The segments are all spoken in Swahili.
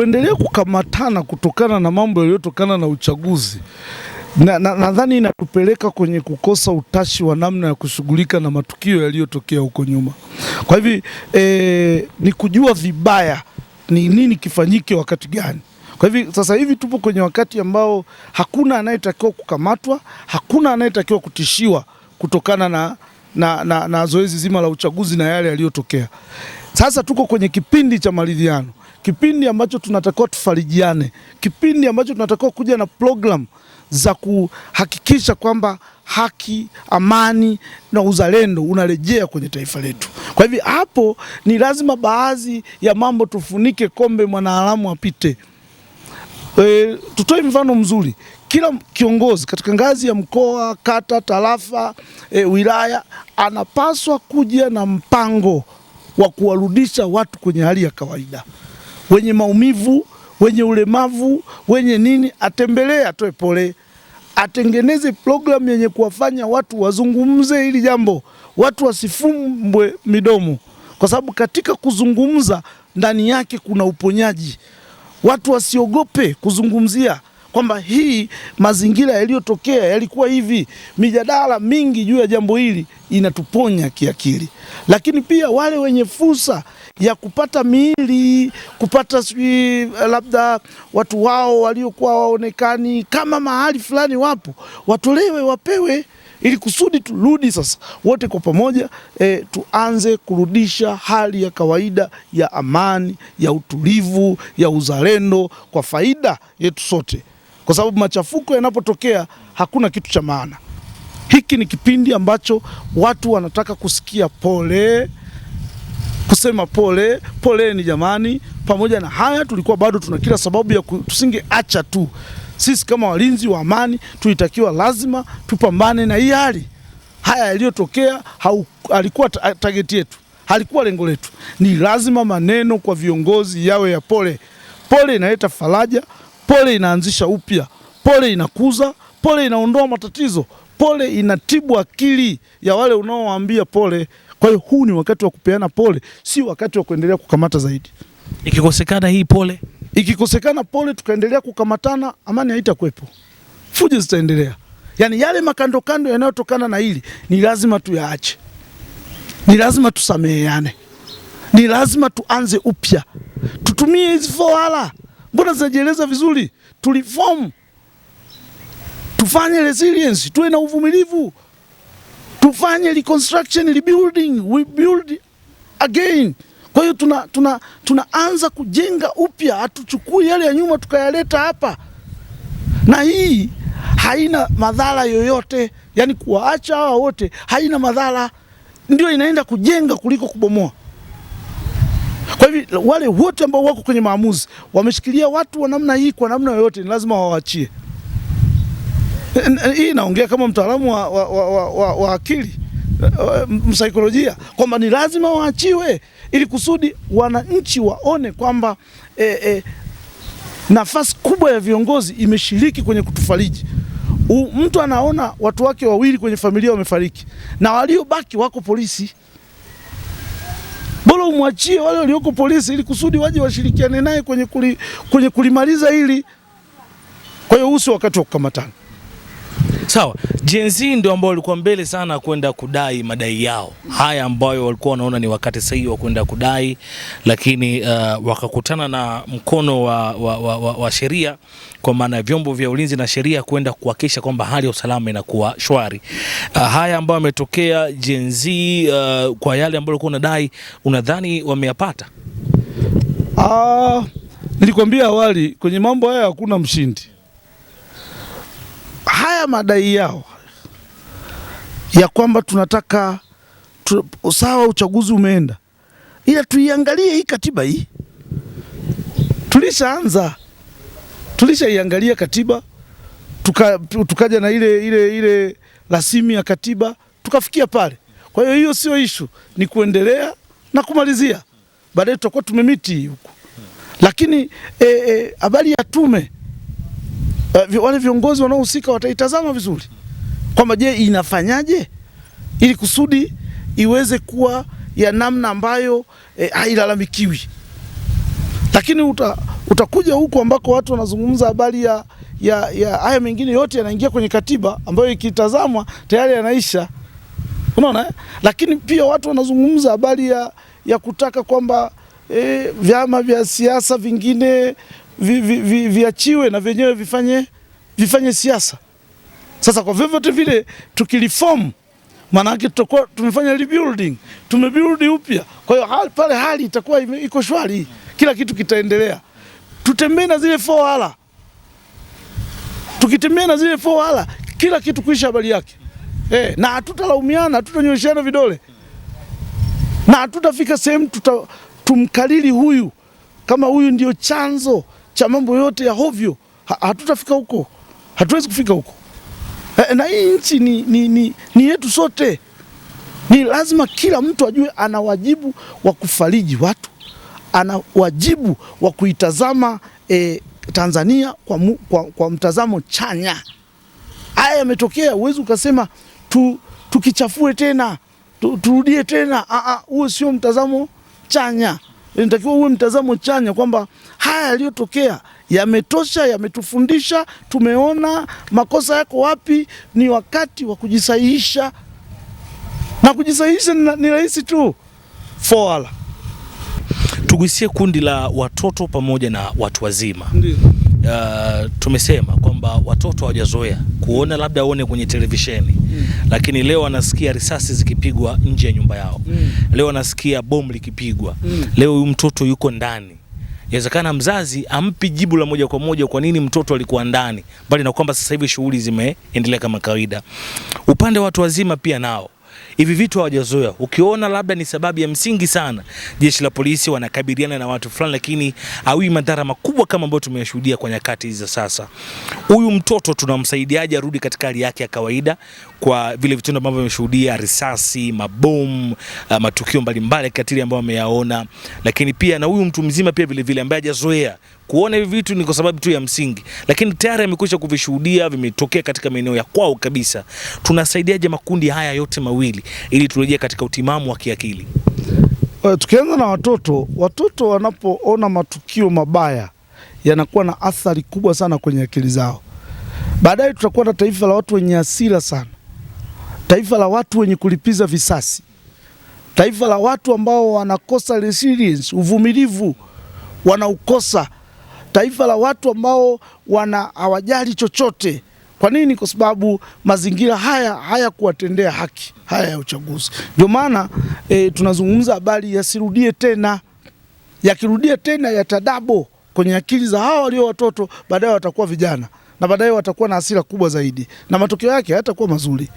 kuendelea kukamatana kutokana na mambo yaliyotokana na uchaguzi nadhani na, inatupeleka kwenye kukosa utashi wa namna ya kushughulika na matukio yaliyotokea huko nyuma. Kwa hivi e, ni kujua vibaya ni nini kifanyike wakati gani. Kwa hivi sasa hivi tupo kwenye wakati ambao hakuna anayetakiwa kukamatwa, hakuna anayetakiwa kutishiwa kutokana na, na, na, na zoezi zima la uchaguzi na yale yaliyotokea. Sasa tuko kwenye kipindi cha maridhiano kipindi ambacho tunatakiwa tufarijiane, kipindi ambacho tunatakiwa kuja na program za kuhakikisha kwamba haki, amani na uzalendo unarejea kwenye taifa letu. Kwa hivyo, hapo ni lazima baadhi ya mambo tufunike kombe, mwanaharamu apite. E, tutoe mfano mzuri. Kila kiongozi katika ngazi ya mkoa, kata, tarafa, e, wilaya anapaswa kuja na mpango wa kuwarudisha watu kwenye hali ya kawaida wenye maumivu, wenye ulemavu, wenye nini, atembelee, atoe pole, atengeneze programu yenye kuwafanya watu wazungumze hili jambo, watu wasifumbwe midomo, kwa sababu katika kuzungumza ndani yake kuna uponyaji. Watu wasiogope kuzungumzia kwamba hii mazingira yaliyotokea yalikuwa hivi. Mijadala mingi juu ya jambo hili inatuponya kiakili, lakini pia wale wenye fursa ya kupata miili, kupata sijui eh, labda watu wao waliokuwa waonekani kama mahali fulani wapo, watolewe, wapewe ili kusudi turudi sasa wote kwa pamoja e, tuanze kurudisha hali ya kawaida ya amani, ya utulivu, ya uzalendo kwa faida yetu sote kwa sababu machafuko yanapotokea hakuna kitu cha maana. Hiki ni kipindi ambacho watu wanataka kusikia pole, kusema pole, poleni jamani. Pamoja na haya, tulikuwa bado tuna kila sababu ya tusingeacha tu. Sisi kama walinzi wa amani tulitakiwa lazima tupambane na hii hali. Haya yaliyotokea alikuwa target yetu, halikuwa lengo letu. Ni lazima maneno kwa viongozi yawe ya pole. Pole inaleta faraja. Pole inaanzisha upya, pole inakuza, pole inaondoa matatizo, pole inatibu akili ya wale unaowaambia pole. Kwa hiyo huu ni wakati wa kupeana pole, si wakati wa kuendelea kukamata zaidi. Ikikosekana hii pole, ikikosekana pole, tukaendelea kukamatana, amani haitakuwepo, fujo zitaendelea. Yaani yale makandokando yanayotokana na hili ni lazima tuyaache, ni lazima tusameheane, ni lazima tuanze upya, tutumie hizi fohala mbona zinajieleza vizuri, tuliform tufanye resilience, tuwe na uvumilivu, tufanye reconstruction, rebuilding, we build again. Kwa hiyo tuna, tuna, tunaanza kujenga upya, hatuchukui yale ya nyuma tukayaleta hapa, na hii haina madhara yoyote, yani kuwaacha hawa wote haina madhara, ndio inaenda kujenga kuliko kubomoa hivi wale wote ambao wako kwenye maamuzi wameshikilia watu wa namna hii kwa namna yoyote, ni lazima wawaachie. Hii naongea kama mtaalamu wa, wa, wa, wa, wa akili eh, msaikolojia kwamba ni lazima waachiwe ili kusudi wananchi waone kwamba e, e, nafasi kubwa ya viongozi imeshiriki kwenye kutufariji. U, mtu anaona watu wake wawili kwenye familia wamefariki na waliobaki wako polisi bora umwachie wale walioko polisi, ili kusudi waje washirikiane naye kwenye, kuli, kwenye kulimaliza hili. Kwa hiyo usi wakati wa kukamatana Sawa, Gen Z ndio ambao walikuwa mbele sana kwenda kudai madai yao haya ambayo walikuwa wanaona ni wakati sahihi wa kwenda kudai, lakini uh, wakakutana na mkono wa, wa, wa, wa, wa sheria kwa maana ya vyombo vya ulinzi na sheria kwenda kuhakikisha kwamba hali ya usalama inakuwa shwari. Uh, haya ambayo yametokea Gen Z uh, kwa yale ambayo walikuwa wanadai, unadhani wameyapata? Ah, nilikwambia awali kwenye mambo haya hakuna mshindi haya madai yao ya kwamba tunataka tu, sawa uchaguzi umeenda, ila tuiangalie hii katiba hii. Tulishaanza, tulishaiangalia katiba tuka, tukaja na ile ile ile rasimu ya katiba tukafikia pale. Kwa hiyo hiyo sio ishu, ni kuendelea na kumalizia, baadaye tutakuwa tumemiti huku. Lakini eh, eh, habari e, e, ya tume uh, wale viongozi wanaohusika wataitazama vizuri kwamba je, inafanyaje ili kusudi iweze kuwa ya namna ambayo eh, hailalamikiwi. Lakini uta, utakuja huku ambako watu wanazungumza habari ya ya ya haya mengine yote yanaingia kwenye katiba ambayo ikitazamwa tayari yanaisha, unaona eh? Lakini pia watu wanazungumza habari ya, ya kutaka kwamba eh, vyama vya siasa vingine viachiwe vi, vi, vi, na vyenyewe vifanye, vifanye siasa. Sasa kwa vyovyote vile tukiliform maana yake tutakuwa tumefanya rebuilding, tumebuild upya. Kwa hiyo hali pale hali itakuwa iko shwari, kila kitu kitaendelea. Tutembee na zile four hala, tukitembea na zile four hala, kila kitu kuisha habari yake eh, na hatutalaumiana, hatutanyosheana vidole na hatutafika sehemu tuta tumkalili huyu kama huyu ndio chanzo cha mambo yote ya hovyo, hatutafika huko, hatuwezi kufika huko. E, na hii nchi ni, ni, ni, ni yetu sote. Ni lazima kila mtu ajue ana wajibu wa kufariji watu, ana wajibu wa kuitazama e, Tanzania kwa, mu, kwa, kwa mtazamo chanya. Haya yametokea, huwezi ukasema tu, tukichafue tena tu, turudie tena. Huo sio mtazamo chanya, inatakiwa uwe mtazamo chanya kwamba haya yaliyotokea yametosha, yametufundisha, tumeona makosa yako wapi. Ni wakati wa kujisahihisha, na kujisahihisha ni rahisi tu. Foala, tugusie kundi la watoto pamoja na watu wazima. Uh, tumesema kwamba watoto hawajazoea kuona labda aone kwenye televisheni mm. Lakini leo anasikia risasi zikipigwa nje ya nyumba yao mm. Leo anasikia bomu likipigwa mm. Leo huyu mtoto yuko ndani inawezekana mzazi ampi jibu la moja kwa moja kwa nini mtoto alikuwa ndani, bali na kwamba sasa hivi shughuli zimeendelea kama kawaida. Upande wa watu wazima pia nao hivi vitu hawajazoea. Ukiona labda ni sababu ya msingi sana, jeshi la polisi wanakabiliana na watu fulani, lakini hawi madhara makubwa kama ambayo tumeyashuhudia kwa nyakati hizi za sasa. Huyu mtoto tunamsaidiaje arudi katika hali yake ya kawaida, kwa vile vitendo ambavyo ameshuhudia, risasi, mabomu, ah, matukio mbalimbali katili ambayo ameyaona, lakini pia na huyu mtu mzima pia vilevile ambaye hajazoea kuona hivi vitu ni kwa sababu tu ya msingi, lakini tayari amekwisha kuvishuhudia, vimetokea katika maeneo ya kwao kabisa. Tunasaidiaje makundi haya yote mawili ili turejee katika utimamu wa kiakili? Tukianza na watoto, watoto wanapoona matukio mabaya yanakuwa na athari kubwa sana kwenye akili zao. Baadaye tutakuwa na taifa la watu wenye hasira sana, taifa la watu wenye kulipiza visasi, taifa la watu ambao wanakosa resilience, uvumilivu wanaukosa taifa la watu ambao wana hawajali chochote. Kwa nini? Kwa sababu mazingira haya hayakuwatendea haki haya ya uchaguzi. Ndio maana e, tunazungumza habari yasirudie tena, yakirudia tena yatadabo kwenye akili za hawa walio watoto, baadaye watakuwa vijana na baadaye watakuwa na hasira kubwa zaidi, na matokeo yake hayatakuwa mazuri.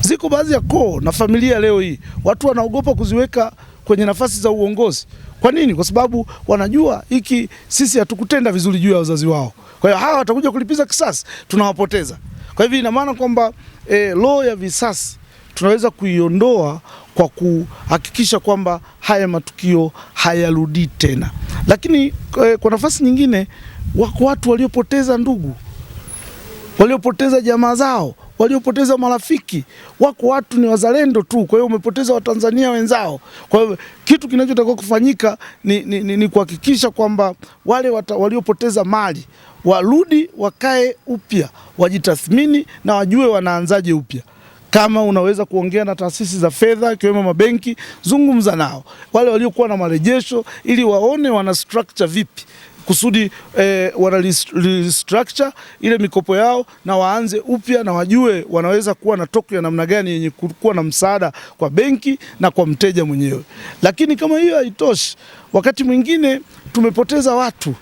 Ziko baadhi ya koo na familia leo hii watu wanaogopa kuziweka kwenye nafasi za uongozi. Kwa nini? Kwa sababu wanajua hiki, sisi hatukutenda vizuri juu ya wazazi wao, kwa hiyo hawa watakuja kulipiza kisasi, tunawapoteza. Kwa hivyo ina maana kwamba e, law ya visasi tunaweza kuiondoa kwa kuhakikisha kwamba haya matukio hayarudii tena. Lakini e, kwa nafasi nyingine, wako watu waliopoteza ndugu, waliopoteza jamaa zao waliopoteza marafiki wako watu ni wazalendo tu. Kwa hiyo umepoteza watanzania wenzao. Kwa hiyo kitu kinachotakiwa kufanyika ni, ni, ni, ni kuhakikisha kwamba wale waliopoteza mali warudi, wakae upya, wajitathmini na wajue wanaanzaje upya. Kama unaweza kuongea na taasisi za fedha ikiwemo mabenki, zungumza nao wale waliokuwa na marejesho, ili waone wana structure vipi kusudi eh, wana restructure ile mikopo yao na waanze upya na wajue wanaweza kuwa na toku ya namna gani yenye kuwa na msaada kwa benki na kwa mteja mwenyewe. Lakini kama hiyo haitoshi, wakati mwingine tumepoteza watu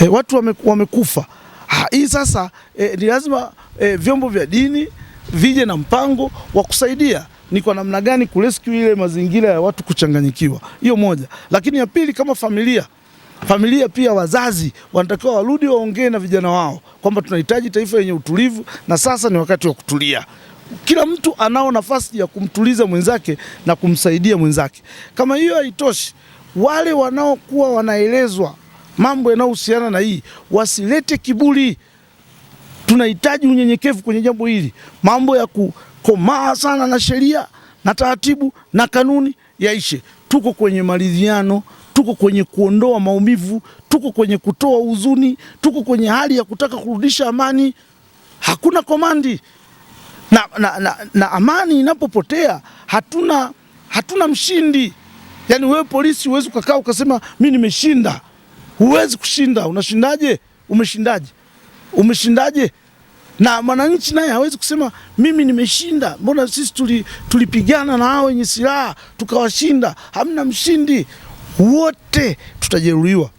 eh, watu wame, wamekufa. Ha, ah, hii sasa eh, ni lazima eh, vyombo vya dini vije na mpango wa kusaidia ni kwa namna gani kurescue ile mazingira ya watu kuchanganyikiwa. Hiyo moja, lakini ya pili, kama familia Familia pia, wazazi wanatakiwa warudi waongee na vijana wao kwamba tunahitaji taifa lenye utulivu na sasa ni wakati wa kutulia. Kila mtu anao nafasi ya kumtuliza mwenzake na kumsaidia mwenzake. Kama hiyo haitoshi, wale wanaokuwa wanaelezwa mambo yanayohusiana na hii wasilete kiburi. Tunahitaji unyenyekevu kwenye jambo hili, mambo ya kukomaa sana na sheria na taratibu na kanuni yaishe. Tuko kwenye maridhiano tuko kwenye kuondoa maumivu, tuko kwenye kutoa huzuni, tuko kwenye hali ya kutaka kurudisha amani. Hakuna komandi na, na, na, na amani inapopotea hatuna, hatuna mshindi. Yaani wewe polisi huwezi ukakaa ukasema mi nimeshinda. Huwezi kushinda. Unashindaje? Umeshindaje? Umeshindaje? na mwananchi naye hawezi kusema mimi nimeshinda, mbona sisi tulipigana tuli na hao wenye silaha tukawashinda. Hamna mshindi wote tutajeruhiwa,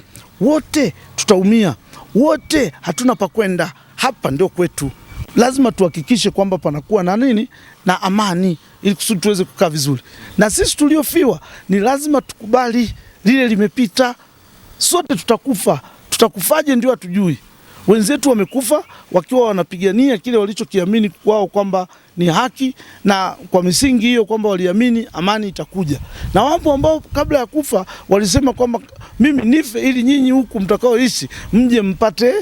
wote tutaumia, wote hatuna pa kwenda. Hapa ndio kwetu. Lazima tuhakikishe kwamba panakuwa na nini na amani, ili kusudi tuweze kukaa vizuri. Na sisi tuliofiwa ni lazima tukubali lile limepita, sote tutakufa. Tutakufaje ndio hatujui. Wenzetu wamekufa wakiwa wanapigania kile walichokiamini kwao kwamba ni haki, na kwa misingi hiyo kwamba waliamini amani itakuja. Na wapo ambao kabla ya kufa walisema kwamba mimi nife ili nyinyi huku mtakaoishi mje mpate,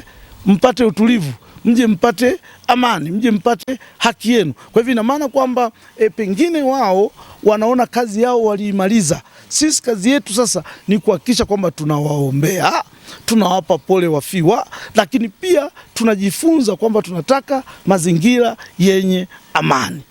mpate utulivu mje mpate amani, mje mpate haki yenu. Kwa hivyo ina maana kwamba e, pengine wao wanaona kazi yao waliimaliza. Sisi kazi yetu sasa ni kuhakikisha kwamba tunawaombea, tunawapa pole wafiwa, lakini pia tunajifunza kwamba tunataka mazingira yenye amani.